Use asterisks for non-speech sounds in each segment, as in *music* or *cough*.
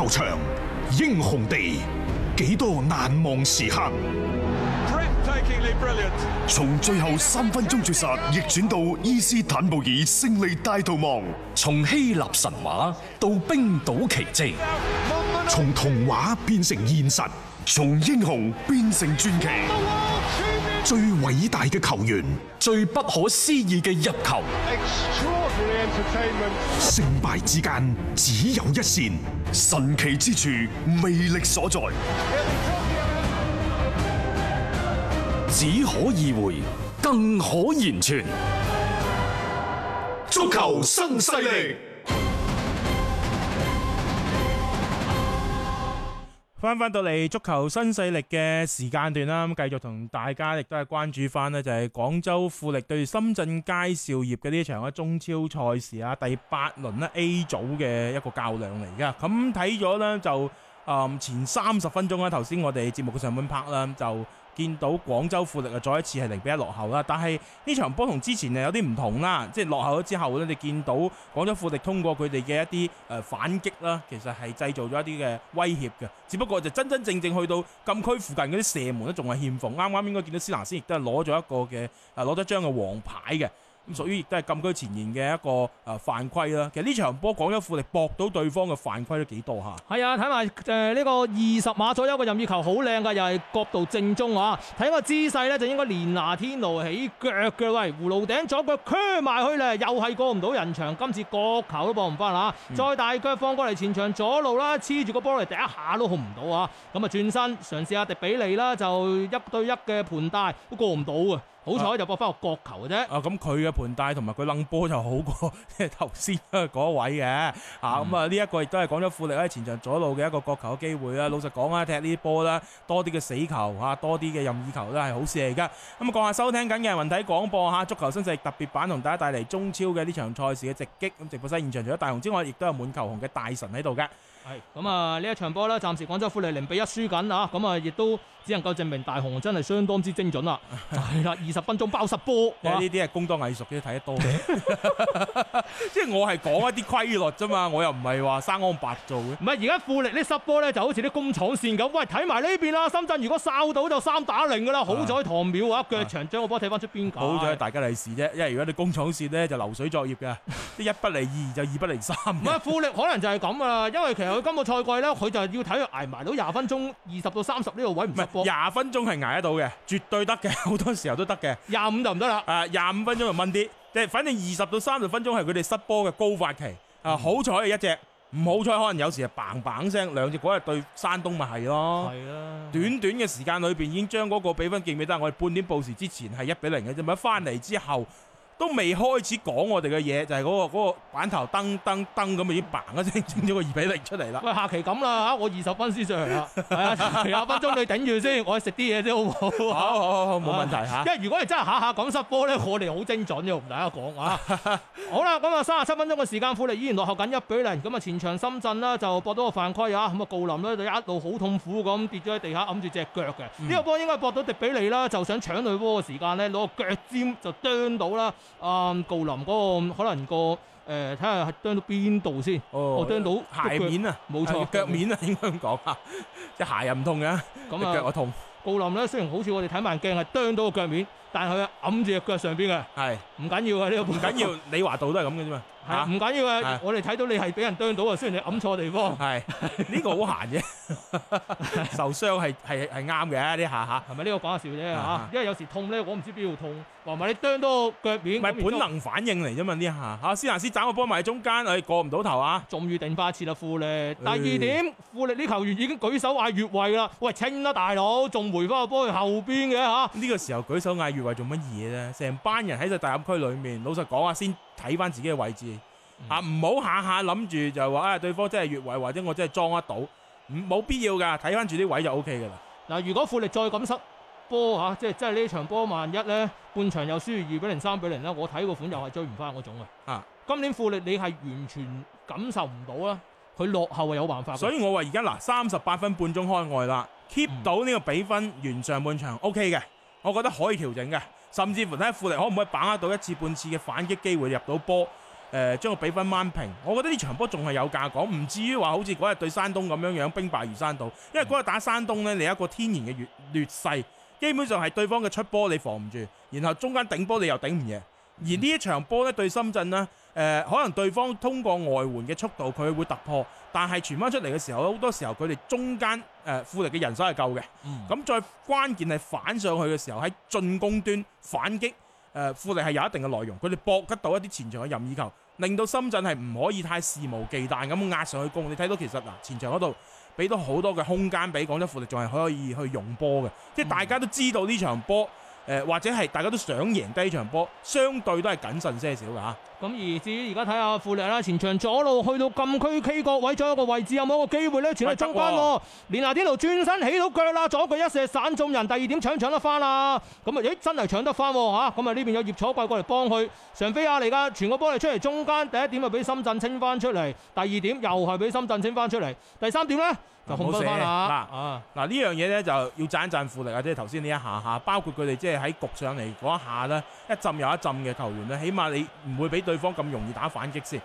球場，英雄地，幾多難忘時刻。從最後三分鐘絕殺逆轉到伊斯坦布爾勝利大逃亡，從希臘神話到冰島奇跡，從童話變成現實，從英雄變成傳奇。最偉大嘅球員，最不可思議嘅入球，勝敗之間只有一線，神奇之處魅力所在，只可意會，更可言傳，足球新勢力。翻翻到嚟足球新勢力嘅時間段啦，咁繼續同大家亦都係關注翻呢，就係廣州富力對深圳佳兆業嘅呢場中超賽事啊，第八輪呢 A 組嘅一個較量嚟噶。咁睇咗呢，就，前三十分鐘啦，頭先我哋節目嘅上半拍啦，就。見到廣州富力又再一次係零比一落後啦，但係呢場波同之前有啲唔同啦，即係落後咗之後呢，你見到廣州富力通過佢哋嘅一啲誒反擊啦，其實係製造咗一啲嘅威脅嘅，只不過就真真正正去到禁區附近嗰啲射門咧，仲係欠奉。啱啱應該見到斯蘭斯亦都係攞咗一個嘅誒攞咗一張嘅黃牌嘅。咁屬於亦都係禁區前沿嘅一個誒犯規啦。其實呢場波講咗富力博到對方嘅犯規都幾多嚇？係啊，睇埋誒呢個二十碼左右嘅任意球好靚㗎，又係角度正中啊！睇個姿勢咧，就應該連拿天奴起腳嘅喂，葫蘆頂左腳 q 埋去啦，又係過唔到人牆，今次個球都博唔翻啦！嗯、再大腳放過嚟前場左路啦，黐住個波嚟，第一下都控唔到啊！咁啊轉身嘗試阿迪比利啦，就一對一嘅盤帶都過唔到啊！好彩就博翻個角球嘅啫，啊咁佢嘅盤帶同埋佢掹波就好過，即係頭先嗰位嘅，嗯、啊咁、嗯嗯、啊呢一、這個亦都係講咗富力喺前場左路嘅一個角球嘅機會啦。老實講啊，踢呢啲波啦，多啲嘅死球吓，多啲嘅任意球都係好事嚟噶。咁啊，講下收聽緊嘅雲體廣播吓、啊，足球新勢力特別版同大家帶嚟中超嘅呢場賽事嘅直擊。咁、啊、直播室現場除咗大雄之外，亦都有滿球紅嘅大神喺度噶。係咁、嗯、啊！呢一場波咧，暫時廣州富力零比一輸緊啊！咁啊，亦都只能夠證明大雄真係相當之精準啦。係啦， *laughs* 二十分鐘包失波，呢啲係工多藝熟嘅，睇得多嘅。 *laughs* *laughs* 即係我係講一啲規律啫嘛，我又唔係話生安白做嘅。唔係，而家富力呢失波咧就好似啲工廠線咁，喂，睇埋呢邊啦。深圳如果哨到就三打零噶啦，好彩唐淼一腳長將個波睇翻出邊界。好彩大家利是啫，因為如果你工廠線咧就流水作業嘅，啲一不離二就二不離三。唔係富力可能就係咁啊，因為其佢今個賽季咧，佢就係要睇佢挨埋到廿分鐘，二十到三十呢個位唔失波。唔係，廿分鐘係挨得到嘅，絕對得嘅，好多時候都得嘅。廿五就唔得啦。啊，廿五分鐘就掹啲，即係 *laughs* 反正二十到三十分鐘係佢哋失波嘅高發期。啊、嗯，好彩係一隻，唔好彩可能有時係砰砰聲。兩隻嗰日對山東咪係咯，啊、短短嘅時間裏邊已經將嗰個比分變咗。但係我哋半點報時之前係一比零嘅啫，咪翻嚟之後，都未開始講我哋嘅嘢，就係、是、嗰、那個那個板頭噔噔噔咁已經 bang 一聲，整咗個二比零出嚟啦。喂，下期咁啦嚇，我二十分先上啦，廿 *laughs* 分鐘你頂住先，我食啲嘢先好唔好，好？好好好，冇問題嚇。因為如果你真係下下講失波咧， *laughs* 我哋好精準嘅，同大家講嚇。 *laughs* 好啦，咁啊，三十七分鐘嘅時間，富力依然落後緊一比零。咁啊，前場深圳啦就博到個犯規啊，咁啊郜林咧就一路好痛苦咁跌咗喺地下，揞住隻腳嘅。呢、嗯、個波應該係博到迪比尼啦，就想搶佢波嘅時間咧，攞個腳尖就啄到啦。啊，郜林嗰個可能個誒，睇下係啄到邊度先？我啄到鞋面啊，冇錯，腳面啊，應該咁講啊，即係鞋又唔痛嘅，隻腳我痛。郜林咧，雖然好似我哋睇慢鏡係啄到個腳面，但係佢揞住隻腳上邊嘅，係唔緊要嘅呢個，唔緊要。李華道都係咁嘅啫嘛。係唔緊要啊，啊我哋睇到你係俾人啄到啊，雖然你揞錯地方。係呢是 *laughs* 個好閒嘅， *laughs* 受傷係係係啱嘅呢下吓。係咪呢個講下笑啫吓？啊、因為有時痛咧，我唔知邊度痛。話埋你啄到腳面，咪本能反應嚟啫嘛呢下吓。斯蘭斯斬個波埋喺中間，誒、哎、過唔到頭啊！終於定翻次啦、啊，富力。哎、第二點，富力呢球員已經舉手嗌越位啦。喂，清啦、啊、大佬，仲回翻個波去後邊嘅吓。呢、啊、個時候舉手嗌越位做乜嘢咧？成班人喺隻大禁區裏面，老實講下先。睇翻自己嘅位置，嗯、啊唔好下下諗住就話啊、哎、對方真係越位或者我真係裝得到，唔冇必要噶，睇翻住啲位就 O K 噶啦。嗱，如果富力再咁塞波嚇，即係即係呢場波萬一呢半場又輸二比零三比零咧，我睇個款又係追唔翻個種啊。今年富力你係完全感受唔到啦，佢落後係有辦法。所以我話而家嗱，三十八分半鐘開外啦，keep 到呢個比分、嗯、完上半場 O K 嘅，我覺得可以調整嘅。甚至乎睇下富力可唔可以把握到一次半次嘅反擊機會入到波，誒將個比分扳平。我覺得呢場波仲係有價講，唔至於話好似嗰日對山東咁樣樣兵敗如山倒。因為嗰日打山東咧，你一個天然嘅劣勢，基本上係對方嘅出波你防唔住，然後中間頂波你又頂唔贏，而呢一場波咧對深圳咧，誒、呃、可能對方通過外援嘅速度佢會突破，但係傳翻出嚟嘅時候好多時候佢哋中間。誒、呃，富力嘅人手係夠嘅，咁、嗯、再關鍵係反上去嘅時候喺進攻端反擊。誒、呃，富力係有一定嘅內容，佢哋搏得到一啲前場嘅任意球，令到深圳係唔可以太肆無忌憚咁壓上去攻。你睇到其實嗱、呃，前場嗰度俾到好多嘅空間俾廣州富力，仲係可以去用波嘅，嗯、即係大家都知道呢場波，誒、呃、或者係大家都想贏低呢場波，相對都係謹慎些少噶吓。咁而至於而家睇下富力啦，前場左路去到禁區 K 個位，再有一個位置有冇個機會咧？全係中間喎，行啊、連拿天奴轉身起到腳啦，左腳一射散中人，第二點搶搶得翻啊！咁啊，咦，真係搶得翻喎咁啊，呢、啊、邊有葉楚貴過嚟幫佢，常飛亞嚟㗎，傳個波嚟出嚟中間，第一點啊俾深圳清翻出嚟，第二點又係俾深圳清翻出嚟，第三點咧就控得翻啦嚇！嗱、啊，嗱呢樣嘢咧就要讚一讚富力啊！即係頭先呢一下下，包括佢哋即係喺局上嚟嗰一下咧，一浸又一浸嘅球員咧，起碼你唔會俾。對方咁容易打反擊先，誒、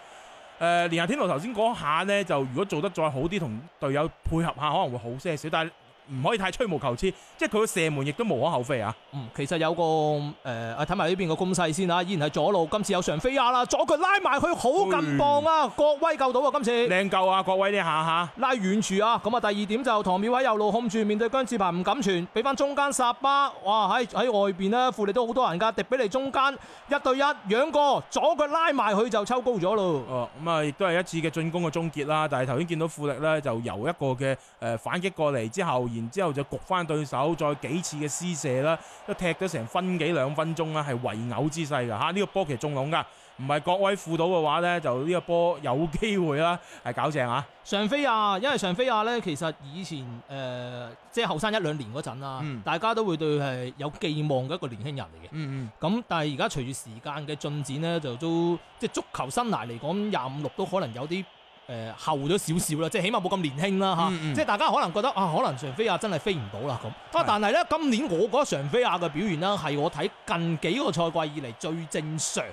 呃、連拿甸奴頭先嗰下呢，就如果做得再好啲，同隊友配合下，可能會好些少，但係，唔可以太吹毛求疵，即係佢嘅射門亦都無可厚非啊。嗯，其實有個誒，睇埋呢邊個攻勢先啊，依然係左路，今次有常飛亞啦，左腳拉埋去好勁磅啊！郭、哎、威救到啊，今次靚救啊！郭威呢下吓，拉遠處啊！咁啊，第二點就唐妙偉右路控住，面對姜志鵬唔敢傳，俾翻中間薩巴，哇喺喺外邊啦，富力都好多人噶，迪比利中間一對一，仰過左腳拉埋去就抽高咗咯。哦，咁、嗯、啊，亦、嗯、都係一次嘅進攻嘅終結啦。但係頭先見到富力咧，就由一個嘅誒反擊過嚟之後。然之後就焗翻對手，再幾次嘅施射啦，都踢咗成分幾兩分鐘啦，係圍毆姿勢噶嚇。呢、這個波其實中籠噶，唔係各位輔到嘅話呢，就呢個波有機會啦，係搞正啊！上飛亞，因為上飛亞呢，其實以前誒、呃、即係後生一兩年嗰陣啦，嗯、大家都會對係有寄望嘅一個年輕人嚟嘅。嗯嗯。咁但係而家隨住時間嘅進展呢，就都即係足球生涯嚟講，廿五六都可能有啲。誒、呃、後咗少少啦，即係起碼冇咁年輕啦嚇，即係、嗯嗯、大家可能覺得啊，可能常飛亞真係飛唔到啦咁。但係呢，是的 今年我覺得常飛亞嘅表現呢，係我睇近幾個賽季以嚟最正常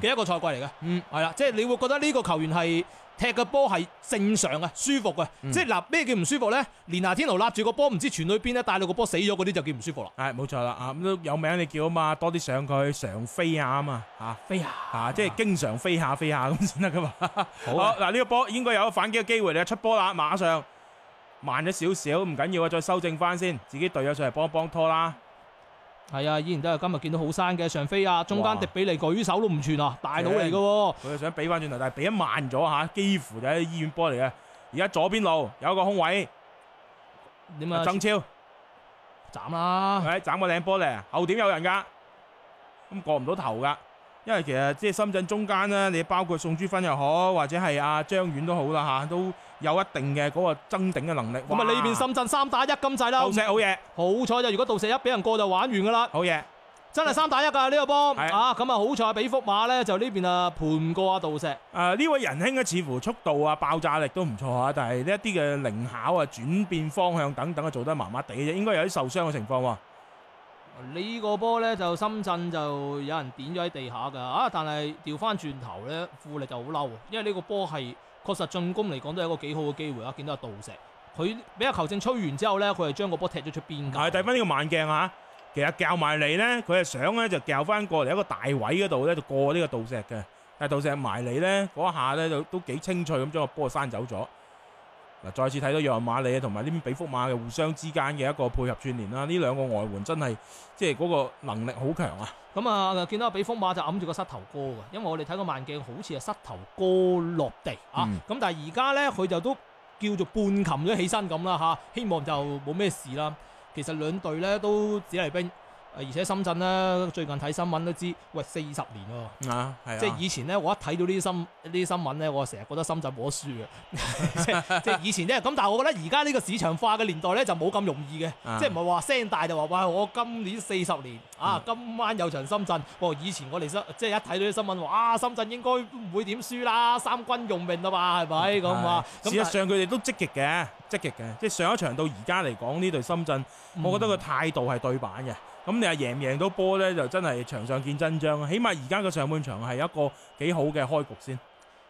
嘅一個賽季嚟嘅，係啦、嗯，即、嗯、係、即係、你會覺得呢個球員係。踢個波係正常嘅，舒服嘅。嗯、即係嗱，咩叫唔舒服咧？連拿天奴立住個波，唔知傳去邊咧，帶到個波死咗嗰啲就叫唔舒服啦。係，冇錯啦。啊，咁都有名你叫啊嘛，多啲上佢常飛下啊嘛，嚇飛下嚇，即係經常飛下飛下咁先得噶嘛。啊、好嗱耶，呢、呢個波應該有反擊嘅機會，你出波啦，馬上慢咗少少，唔緊要啊，再修正翻先，自己隊友上嚟幫幫拖啦。係啊，依然都係今日見到好山嘅上飛啊，中間迪比尼舉手都唔傳嘩啊，大佬嚟嘅喎。佢想俾翻轉頭，但係俾一慢咗嚇，幾乎就喺醫院波嚟嘅。而家左邊路有一個空位，點啊？曾超斬啦！喂吧，斬個靚波咧，後點有人噶？咁過唔到頭噶。因為其實即係深圳中間呢，你包括宋朱芬又好，或者係阿張遠都好啦吓，都有一定嘅嗰個爭頂嘅能力。咁啊呢邊深圳三打一咁滯啦，杜石好嘢。好彩就如果杜石一俾人過就玩完噶啦。好嘢，真係三打一噶呢個波的啊！咁啊好彩俾福馬咧就呢邊啊盤過啊杜石。啊呢位仁兄咧似乎速度啊爆炸力都唔錯啊，但係呢一啲嘅靈巧啊轉變方向等等啊做得麻麻地嘅啫，應該有啲受傷嘅情況喎。個呢個波咧就深圳就有人點咗喺地下噶，啊！但係掉翻轉頭咧，富力就好嬲，因為呢個波係確實進攻嚟講都係一個幾好嘅機會啊。見到阿道石，佢俾阿球證吹完之後咧，佢係將個波踢咗出邊界。係睇翻呢個慢鏡啊，其實教埋嚟咧，佢係想咧就教翻過嚟一個大位嗰度咧就過呢個道石嘅，但係道石埋嚟咧嗰下咧就都幾清脆咁將個波刪走咗。嗱，再次睇到約馬里啊，同埋呢邊比福馬嘅互相之間嘅一個配合串聯啦，呢兩個外援真係即係嗰個能力好強啊！咁啊、嗯，我見、嗯、到比福馬就揞住個膝頭哥嘅，因為我哋睇個慢鏡好似係膝頭哥落地啊，咁但係而家咧佢就都叫做半擒咗起身咁啦吓，希望就冇咩事啦。其實兩隊咧都只係兵。而且深圳呢，最近睇新聞都知，喂，四十年啊，啊即係以前呢，我一睇到呢啲新呢啲新聞呢，我成日覺得深圳冇得輸嘅。 *laughs* *laughs* 即係以前呢，咁但係我覺得而家呢個市場化嘅年代呢，就冇咁容易嘅，啊、即係唔係話聲大就話哇！我今年四十年啊，嗯、今晚有場深圳。哦、以前我哋即係一睇到啲新聞話哇、啊，深圳應該唔會點輸啦，三軍用命啊嘛，係咪咁啊？事實上佢哋都積極嘅，積極嘅，即係上一場到而家嚟講呢隊深圳，嗯、我覺得個態度係對版嘅。咁你話贏唔贏到波咧，就真係場上見真章。起碼而家個上半場係一個幾好嘅開局先。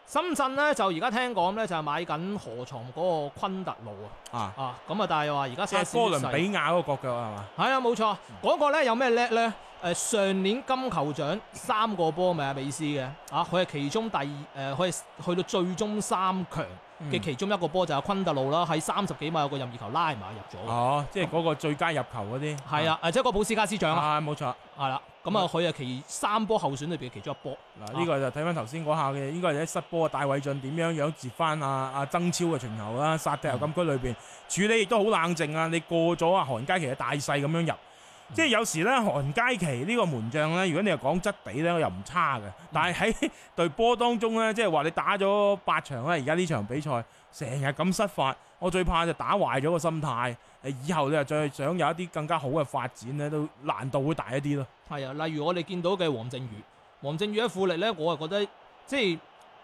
深圳咧就而家聽講咧就係買緊河床嗰個昆特路啊。啊啊，咁啊但係又話而家塞哥倫比亞嗰個國腳係嘛？係啊，冇錯。嗰、嗯、個咧有咩叻咧？誒、呃、上年金球獎三個波咪阿比斯嘅，啊佢係其中第誒，佢、呃、係去到最終三強嘅其中一個波就係昆特路啦，喺三十幾米有個任意球拉埋入咗。哦，即係嗰個最佳入球嗰啲。係、嗯、啊，誒即係個保斯卡斯獎啊。係冇、啊、錯，係啦。咁啊，佢啊其三波候選裏邊嘅其中一波。嗱呢、啊、個就睇翻頭先嗰下嘅，應該係一失波，戴偉浚點樣樣截翻啊？阿、啊啊、曾超嘅傳球啦，殺、啊、入禁區裏邊、嗯、處理亦都好冷靜啊！你過咗啊，韓佳奇嘅大細咁樣入。即係有時咧，韓佳琪呢個門將咧，如果你係講質地咧，又唔差嘅。但係喺隊波當中咧，即係話你打咗八場咧，而家呢場比賽成日咁失法，我最怕就打壞咗個心態。以後你又再想有一啲更加好嘅發展咧，都難度會大一啲咯。係啊，例如我哋見到嘅黃靖宇，黃靖宇嘅富力咧，我係覺得即係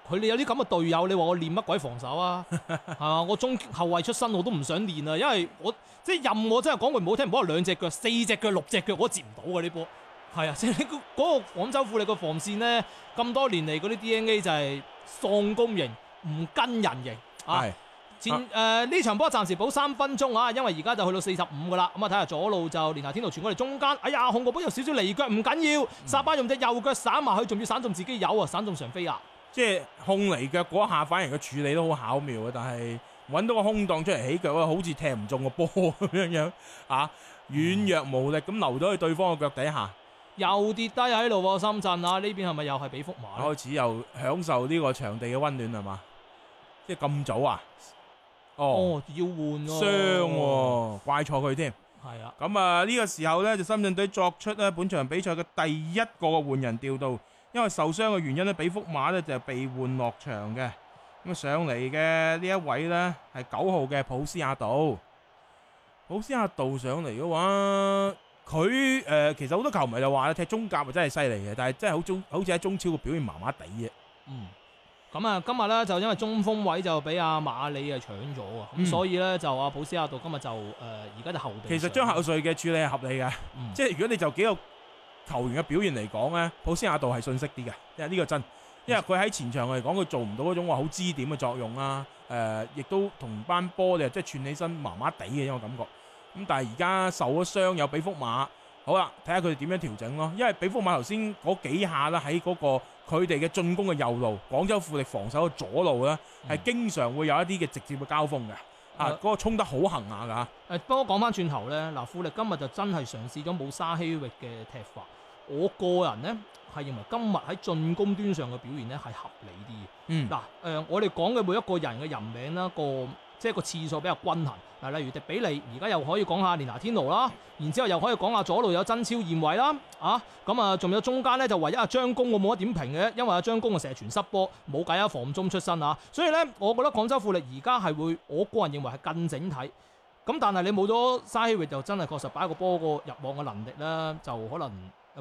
佢哋有啲咁嘅隊友，你話我練乜鬼防守啊？係嘛、 *laughs* 啊，我中後衞出身，我都唔想練啊，因為我。即係任我真係講句唔好聽，唔好話兩隻腳、四隻腳、六隻腳，我都接唔到嘅呢波。係啊，即係呢個廣州富力個防線呢，咁多年嚟嗰啲 DNA 就係喪攻型、唔跟人型。係的。前誒呢場波暫時補三分鐘啊，因為而家就去到四十五嘅啦。咁啊睇下左路就連下天奴傳過嚟中間，哎呀控個波有少少離腳唔緊要，沙巴用隻右腳散埋去，仲要散中自己友啊，散中常飛亞。即係控離腳嗰下，反而佢處理都好巧妙啊。但係。揾到個空檔出嚟起腳，好似踢唔中個波咁樣樣啊！軟弱無力咁留咗去對方嘅腳底下，又跌低喺度喎！深圳啊，呢邊係咪呢邊係咪又係比福馬？開始又享受呢個場地嘅溫暖係嘛？即係咁早啊？哦，哦要換傷、啊啊，怪錯佢添。係啊，咁啊呢、這個時候呢，就深圳隊作出呢本場比賽嘅第一個換人調度，因為受傷嘅原因咧，比福馬呢就係被換落場嘅。咁上嚟嘅呢，一位呢，係9號嘅普斯亞道。普斯亞道因為佢喺前場嚟講，佢做唔到嗰種話好支點嘅作用啊！誒、呃，亦都同班波嘅即係串起身麻麻地嘅，因為我感覺。咁但係而家受咗傷，有比福馬。好啦，睇下佢哋點樣調整咯。因為比福馬頭先嗰幾下咧，喺嗰個佢哋嘅進攻嘅右路，廣州富力防守嘅左路呢，係經常會有一啲嘅直接嘅交鋒嘅。嗯、啊，嗰、那個衝得好狠下㗎嚇！嗯、不過講翻轉頭呢，嗱，富力今日就真係嘗試咗冇沙希域嘅踢法。我個人呢。係認為今日喺進攻端上嘅表現呢係合理啲嘅。嗯，嗱，誒，我哋講嘅每一個人嘅人名啦，個即係、就是、個次數比較均衡。嗱，例如迪比利，而家又可以講下連拿天奴啦，然之後又可以講下左路有曾超燕偉啦，啊，咁啊，仲有中間呢，就唯一阿張工我冇得點評嘅，因為阿張工啊成日傳失波，冇計啊，防中出身啊，所以呢，我覺得廣州富力而家係會我個人認為係更整體。咁但係你冇咗沙希域就真係確實擺個波個入網嘅能力呢，就可能。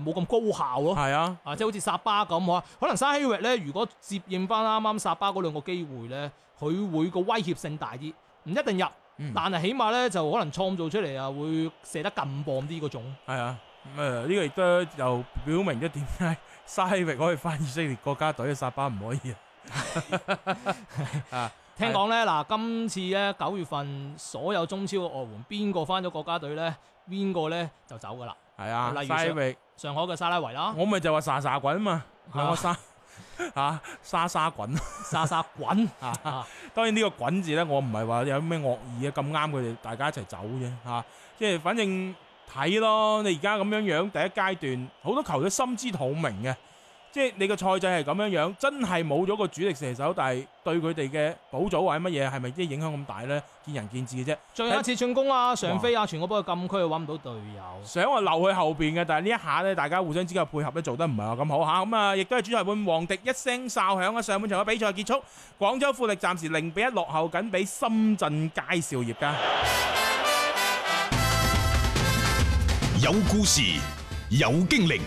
冇咁高效咯，係啊，啊即係好似薩巴咁啊，可能沙希域咧，如果接應翻啱啱薩巴嗰兩個機會咧，佢會個威脅性大啲，唔一定入，嗯、但係起碼咧就可能創造出嚟啊，會射得更磅啲嗰種。係啊，誒、呃、呢、這個亦都又表明咗點解沙希域可以翻以色列國家隊，薩巴唔可以 *laughs* *laughs* 呢啊。啊，聽講咧嗱，今次咧九月份所有中超嘅外援，邊個翻咗國家隊咧，邊個咧就走噶啦。係啊，沙拉上海嘅沙拉維啦，我咪就話沙沙滾啊嘛，兩個沙啊沙沙滾滾笑，沙沙滾， *laughs* *laughs* 當然呢個滾字咧，我唔係話有咩惡意啊，咁啱佢哋大家一齊走啫吓，即 *laughs* 係反正睇咯，你而家咁樣樣，第一階段好多球隊都心知肚明嘅。即係你個賽制係咁樣樣，真係冇咗個主力射手，但係對佢哋嘅補組或者乜嘢，係咪即係影響咁大咧？見仁見智嘅啫。最後一次進攻啊，上飛啊，全部幫佢禁區，佢搵唔到隊友。想話留佢後邊嘅，但係呢一下咧，大家互相之間配合咧做得唔係話咁好吓。咁啊，亦都係主裁判王迪一聲哨響啊，上半場嘅比賽結束。廣州富力暫時零比一落後緊，畀深圳佳兆業噶。有故事，有經歷。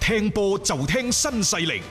聽波就聽新勢力。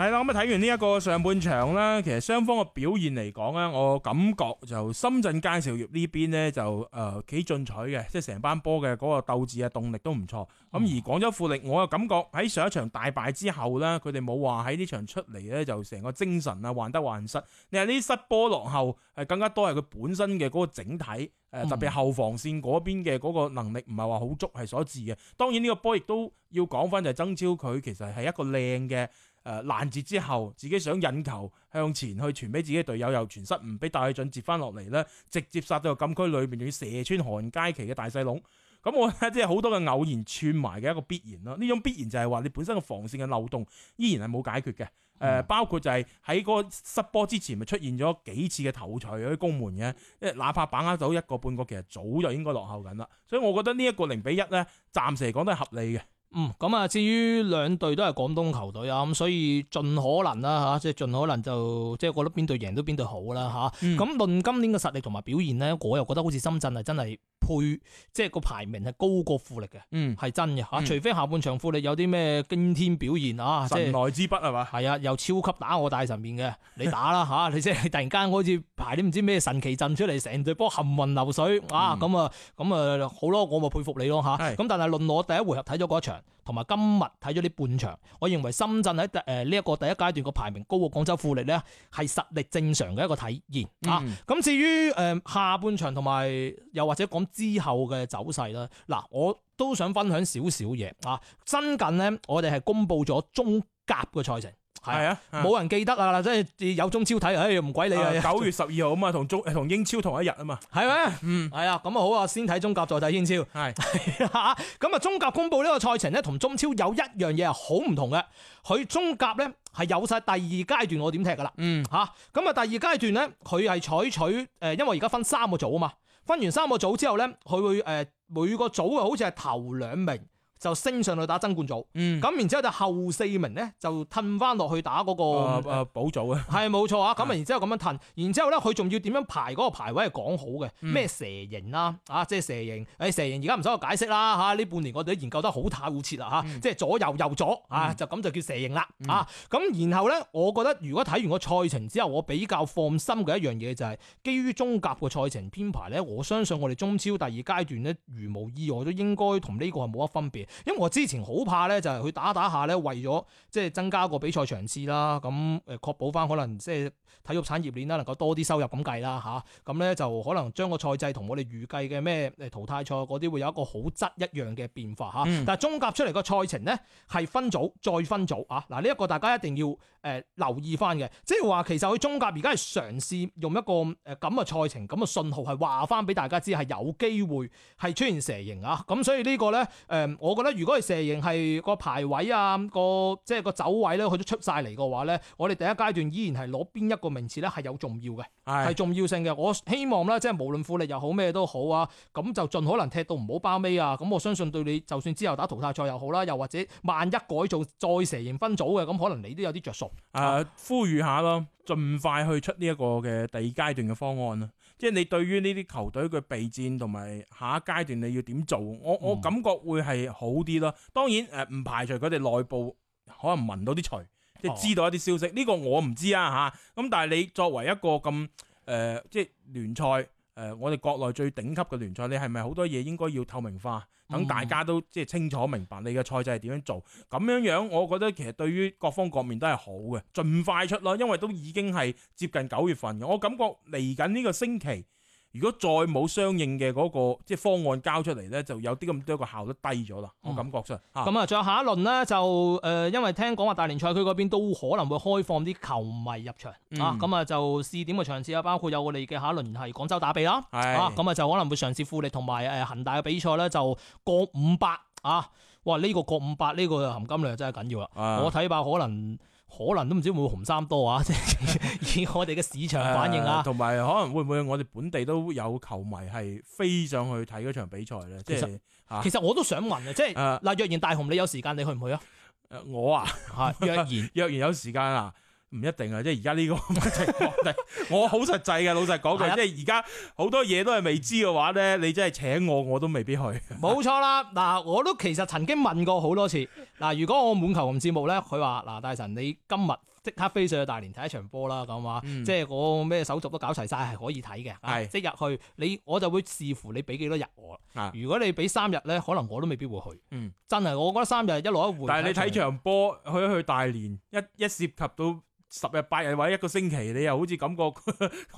係啦，咁啊睇完呢一個上半場啦，其實雙方嘅表現嚟講咧，我感覺就深圳佳兆業呢邊呢，就誒幾進取嘅，即係成班波嘅嗰個鬥志啊動力都唔錯。咁、嗯、而廣州富力，我又感覺喺上一場大敗之後呢，佢哋冇話喺呢場出嚟呢就成個精神啊患得患失。你話呢啲失波落後係更加多係佢本身嘅嗰個整體誒、呃，特別後防線嗰邊嘅嗰個能力唔係話好足係所致嘅。當然呢個波亦都要講翻就係曾超佢其實係一個靚嘅。誒，攔截之後自己想引球向前去傳俾自己隊友，又傳失誤，俾戴俊接翻落嚟咧，直接殺到個禁區裏邊，仲要射穿韓佳琪嘅大細籠。咁我覺得即係好多嘅偶然串埋嘅一個必然咯。呢種必然就係話你本身嘅防線嘅漏洞依然係冇解決嘅。誒、嗯，包括就係喺嗰個失波之前，咪出現咗幾次嘅頭槌喺攻門嘅，即係哪怕把握到一個半個，其實早就應該落後緊啦。所以我覺得呢一個零比一咧，暫時嚟講都係合理嘅。嗯，咁啊，至於兩隊都係廣東球隊啊，咁所以盡可能啦吓，即係盡可能就即係覺得邊隊贏都邊隊好啦吓。咁、啊、論、嗯、今年嘅實力同埋表現呢，我又覺得好似深圳係真係配，即係個排名係高過富力嘅，係、嗯、真嘅吓。啊嗯、除非下半場富力有啲咩驚天表現啊，神來之筆係嘛？係啊，又超級打我大神面嘅，你打啦吓、 *laughs* 啊，你即係突然間好似排啲唔知咩神奇陣出嚟，成隊波行雲流水啊，咁啊咁啊好咯，我咪佩服你咯吓。咁、啊、但係論我第一回合睇咗嗰一場。同埋今日睇咗呢半場，我認為深圳喺誒呢一個第一階段個排名高過廣州富力咧，係實力正常嘅一個體現啊。咁、嗯、至於誒下半場同埋又或者講之後嘅走勢咧，嗱、啊，我都想分享少少嘢啊。新近呢，我哋係公布咗中甲嘅賽程。係啊，冇的人記得啊啦，即係的的有中超睇，唉、哎，唔鬼你啊！九月十二號啊嘛，同中同英超同一日啊嘛，係咪的？嗯，係啊，咁啊好啊，先睇中甲再睇英超，係吓的，咁啊 *laughs* 中甲公布呢個賽程咧，同中超有一樣嘢係好唔同嘅，佢中甲咧係有晒第二階段我點踢噶啦，嗯吓，咁啊第二階段咧佢係採取誒、呃，因為而家分三個組啊嘛，分完三個組之後咧，佢會誒、呃、每個組啊，好似係頭兩名。就升上去打爭冠組，咁、嗯、然之後就後四名咧就褪翻落去打嗰、那個補組嘅，係冇錯啊！咁啊，然之後咁樣褪，然之後咧佢仲要點樣排嗰個排位係講好嘅，咩蛇形啦啊，即係蛇形，誒蛇形而家唔使我解釋啦嚇，呢半年我哋都研究得好透徹啦嚇，啊嗯、即係左右右左啊，嗯、就咁就叫蛇形啦、嗯、啊！咁然後咧，我覺得如果睇完個賽程之後，我比較放心嘅一樣嘢就係、是，基於中甲嘅賽程編排咧，我相信我哋中超第二階段咧，如無意外都應該同呢個係冇乜分別。因為我之前好怕咧，就係去打打下咧，為咗即係增加個比賽場次啦，咁誒確保翻可能即係體育產業鏈啦，能夠多啲收入咁計啦吓，咁咧就可能將個賽制同我哋預計嘅咩誒淘汰賽嗰啲會有一個好質一樣嘅變化嚇、啊嗯。但係中甲出嚟個賽程咧係分組再分組啊！嗱，呢一個大家一定要誒留意翻嘅，即係話其實佢中甲而家係嘗試用一個誒咁嘅賽程咁嘅信號，係話翻俾大家知係有機會係出現蛇形啊！咁所以個呢個咧誒我。如果係蛇形係個排位啊，個即係個走位咧，佢都出晒嚟嘅話咧，我哋第一階段依然係攞邊一個名次咧係有重要嘅，係嘅，係重要性嘅。我希望咧，即係無論富力又好咩都好啊，咁就盡可能踢到唔好包尾啊。咁我相信對你就算之後打淘汰賽又好啦，又或者萬一改做再蛇形分組嘅，咁可能你都有啲着數。誒、呃，呼籲下咯，盡快去出呢一個嘅第二階段嘅方案。即係你對於呢啲球隊嘅備戰同埋下一階段你要點做？我我感覺會係好啲咯。當然誒，唔、呃、排除佢哋內部可能聞到啲除，即、就、係、是、知道一啲消息。呢、哦、個我唔知啊吓？咁但係你作為一個咁誒，即、呃、係、就是、聯賽。誒，我哋國內最頂級嘅聯賽，你係咪好多嘢應該要透明化，等大家都即係清楚明白你嘅賽制係點樣做？咁樣樣，我覺得其實對於各方各面都係好嘅，盡快出囉，因為都已經係接近九月份嘅。我感覺嚟緊呢個星期。如果再冇相應嘅嗰個即係方案交出嚟咧，就有啲咁多個效率低咗啦，我感覺上。咁、嗯、啊，仲有下一輪咧，就誒、呃，因為聽講話大聯賽區嗰邊都可能會開放啲球迷入場、嗯、啊，咁啊就試點嘅場次啊，包括有我哋嘅下一輪係廣州打比啦，是啊，咁啊就可能會嘗試富力同埋誒恒大嘅比賽咧，就過五百啊，哇！呢、這個過五百呢個含金量真係緊要啦，啊、我睇怕可能。可能都唔知會唔會紅衫多啊！即 *laughs* 係以我哋嘅市場反應啊，同埋、呃、可能會唔會我哋本地都有球迷係飛上去睇嗰場比賽咧？實即係是嚇，其實我都想問啊！呃、即係嗱，若然大雄你有時間你去唔去啊？誒、呃，我啊，係若然 *laughs* 若然有時間啊。唔一定啊，即係而家呢個情況，我好實際嘅。老實講句，即係而家好多嘢都係未知嘅話咧，你真係請我，我都未必去。冇錯啦，嗱，我都其實曾經問過好多次，嗱，如果我滿球同節目咧，佢話嗱，大神，你今日即刻飛上去大連睇一場波啦，咁話，即係我咩手續都搞齊晒係可以睇嘅，即入去你我就會視乎你俾幾多日我。是 如果你俾三日咧，可能我都未必會去。嗯，真係，我覺得三日一來一回。但係你睇場波去一去大連一，一一涉及到。十日八日或者一個星期，你又好似感覺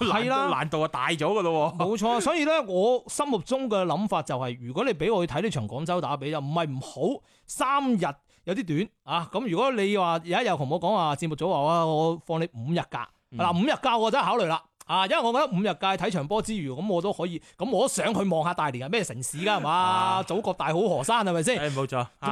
難度的難度啊大咗噶咯，冇錯。所以咧，我心目中嘅諗法就係、是，如果你俾我去睇呢場廣州打比，就唔係唔好三日有啲短啊。咁如果你話有一日同我講，話節目組話哇，我放你五日假，嗱、嗯、五日假我真係考慮啦。啊，因為我覺得五日假睇場波之餘，咁、嗯、我都可以，咁、嗯、我都想去望下大連係咩城市㗎，係嘛、 *laughs* 啊？祖國大好河山係咪先？誒冇、哎、錯。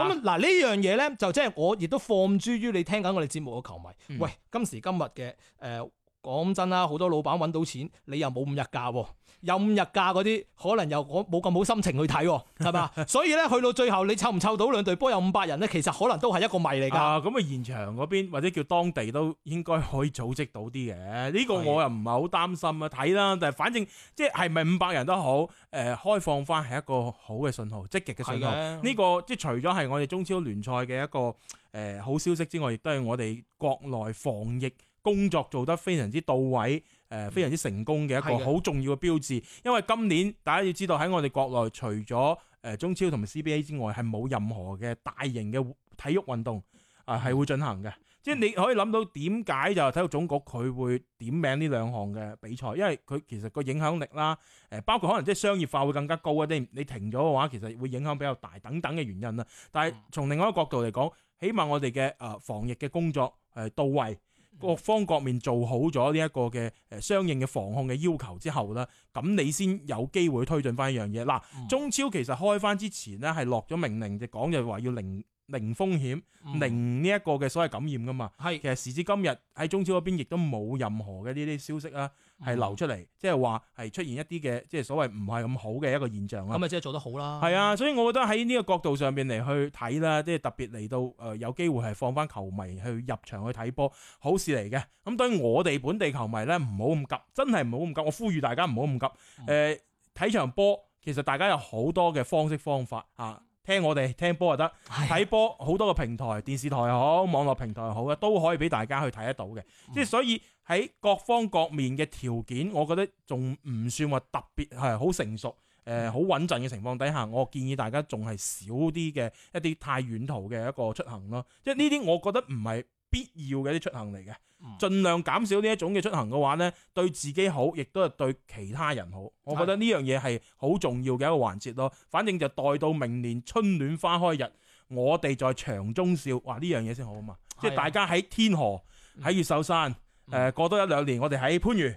咁嗱、啊、呢樣嘢咧，就即係我亦都放諸於你聽緊我哋節目嘅球迷。嗯、喂，今時今日嘅誒，講、呃、真啦，好多老闆揾到錢，你又冇五日假喎、啊。有五日假嗰啲，可能又冇咁好心情去睇，係嘛？ *laughs* 所以咧，去到最後你湊唔湊到兩隊波有五百人咧，其實可能都係一個謎嚟㗎。咁啊、嗯，現場嗰邊或者叫當地都應該可以組織到啲嘅，呢、這個我又唔係好擔心啊。睇啦的，但係反正即係係咪五百人都好，誒、呃、開放翻係一個好嘅信號，積極嘅信號。呢的、這個、嗯、即係除咗係我哋中超聯賽嘅一個誒、呃、好消息之外，亦都係我哋國內防疫。工作做得非常之到位，誒、呃、非常之成功嘅一個好重要嘅標誌，嗯、因為今年大家要知道喺我哋國內除咗誒中超同埋 CBA 之外，係冇任何嘅大型嘅體育運動啊係、呃、會進行嘅。即係你可以諗到點解就體育總局佢會點名呢兩項嘅比賽，因為佢其實個影響力啦，誒、呃、包括可能即係商業化會更加高一啲。你停咗嘅話，其實會影響比較大等等嘅原因啦。但係從另外一個角度嚟講，起碼我哋嘅誒防疫嘅工作係、呃、到位。各方各面做好咗呢一個嘅，誒相應嘅防控嘅要求之後呢，咁你先有機會推進翻一樣嘢。嗱，嗯、中超其實開翻之前咧，係落咗命令，就講就話要零。零風險，零呢一個嘅所謂感染噶嘛？係是其實時至今日喺中超嗰邊，亦都冇任何嘅呢啲消息啦、啊，係流出嚟，嗯、即係話係出現一啲嘅即係所謂唔係咁好嘅一個現象啊。咁咪即係做得好啦。係啊，所以我覺得喺呢個角度上邊嚟去睇啦，即係特別嚟到誒、呃、有機會係放翻球迷去入場去睇波，好事嚟嘅。咁、嗯、對於我哋本地球迷咧，唔好咁急，真係唔好咁急。我呼籲大家唔好咁急。誒、嗯，睇、呃、場波其實大家有好多嘅方式方法啊。聽我哋聽波又得，睇的波好多個平台，電視台又好，網絡平台又好咧，都可以俾大家去睇得到嘅。嗯、即係所以喺各方各面嘅條件，我覺得仲唔算話特別係好成熟，誒好穩陣嘅情況底下，我建議大家仲係少啲嘅一啲太遠途嘅一個出行咯。即係呢啲我覺得唔係。必要嘅啲出行嚟嘅，儘量減少呢一種嘅出行嘅話呢，對自己好，亦都係對其他人好。我覺得呢樣嘢係好重要嘅一個環節咯。反正就待到明年春暖花開日，我哋在場中笑，哇！呢樣嘢先好嘛，即係大家喺天河、喺越是的 秀山，誒是的、呃、過多一兩年我，我哋喺番禺，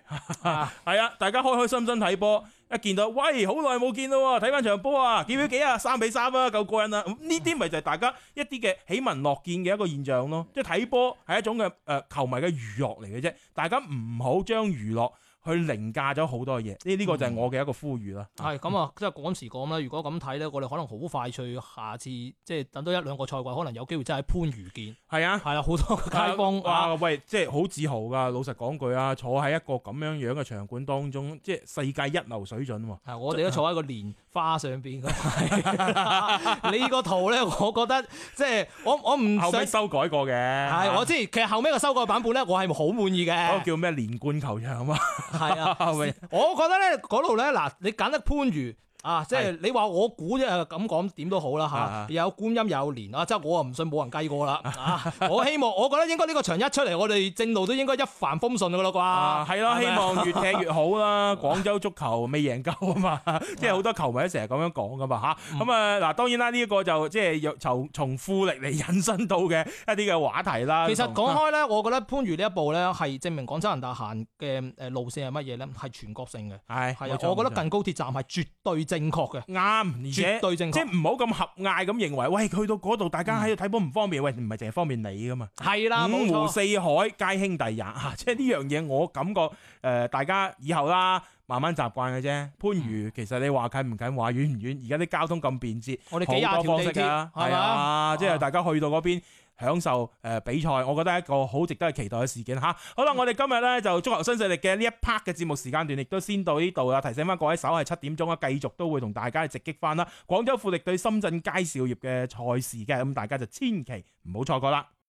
係啊，大家開開心心睇波。一見到，喂，好耐冇見咯喎！睇翻場波啊，幾秒幾啊三比三啊，夠過癮啦、啊！呢啲咪就係大家一啲嘅喜聞樂見嘅一個現象咯，即係睇波係一種嘅誒、呃、球迷嘅娛樂嚟嘅啫，大家唔好將娛樂，去凌駕咗好多嘢，呢、這、呢個就係我嘅一個呼籲啦。係咁、嗯、啊，嗯、即係講時講啦。如果咁睇咧，我哋可能好快脆。下次即係等多一兩個賽季，可能有機會真係喺番禺見。係啊，係啊，好多街坊哇、啊啊！喂，即係好自豪噶。老實講句啊，坐喺一個咁樣樣嘅場館當中，即係世界一流水準喎、啊。係、啊，我哋都坐喺個蓮花上邊。你個圖咧，我覺得即係我我唔後尾修改過嘅。係、啊，我知。其實後尾個修改版本咧，我係好滿意嘅。嗰 *laughs* 個叫咩連冠球場嘛？係啊，我覺得咧嗰度咧，嗱，你揀得番禺。啊，即係你話我估啫，咁講點都好啦嚇，有觀音有蓮啊，即係我啊唔信冇人計過啦。我希望我覺得應該呢個場一出嚟，我哋正路都應該一帆風順噶啦啩。係咯，希望越踢越好啦。廣州足球未贏夠啊嘛，即係好多球迷成日咁樣講噶嘛嚇。咁啊嗱，當然啦，呢一個就即係由從富力嚟引申到嘅一啲嘅話題啦。其實講開咧，我覺得番禺呢一步咧係證明廣州人大行嘅誒路線係乜嘢咧？係全國性嘅，係係啊，我覺得近高鐵站係絕對。正確嘅。啱，而且絕對正確，即係唔好咁狹隘咁認為，喂，去到嗰度大家喺度睇波唔方便，喂，唔係淨係方便你噶嘛？係啦，五湖四海皆兄弟也嚇。即係呢樣嘢，我感覺誒，大家以後啦，慢慢習慣嘅啫。番禺其實你話近唔近，話遠唔遠，而家啲交通咁便捷，我哋好多方式啊，係啊，即係大家去到嗰邊。享受誒、呃、比賽，我覺得係一個好值得去期待嘅事件嚇。好啦，嗯、我哋今日呢就足球新勢力嘅呢一 part 嘅節目時間段，亦都先到呢度啦。提醒翻各位，稍後係七點鐘啊，繼續都會同大家直擊翻啦。廣州富力對深圳佳兆業嘅賽事嘅，咁大家就千祈唔好錯過啦。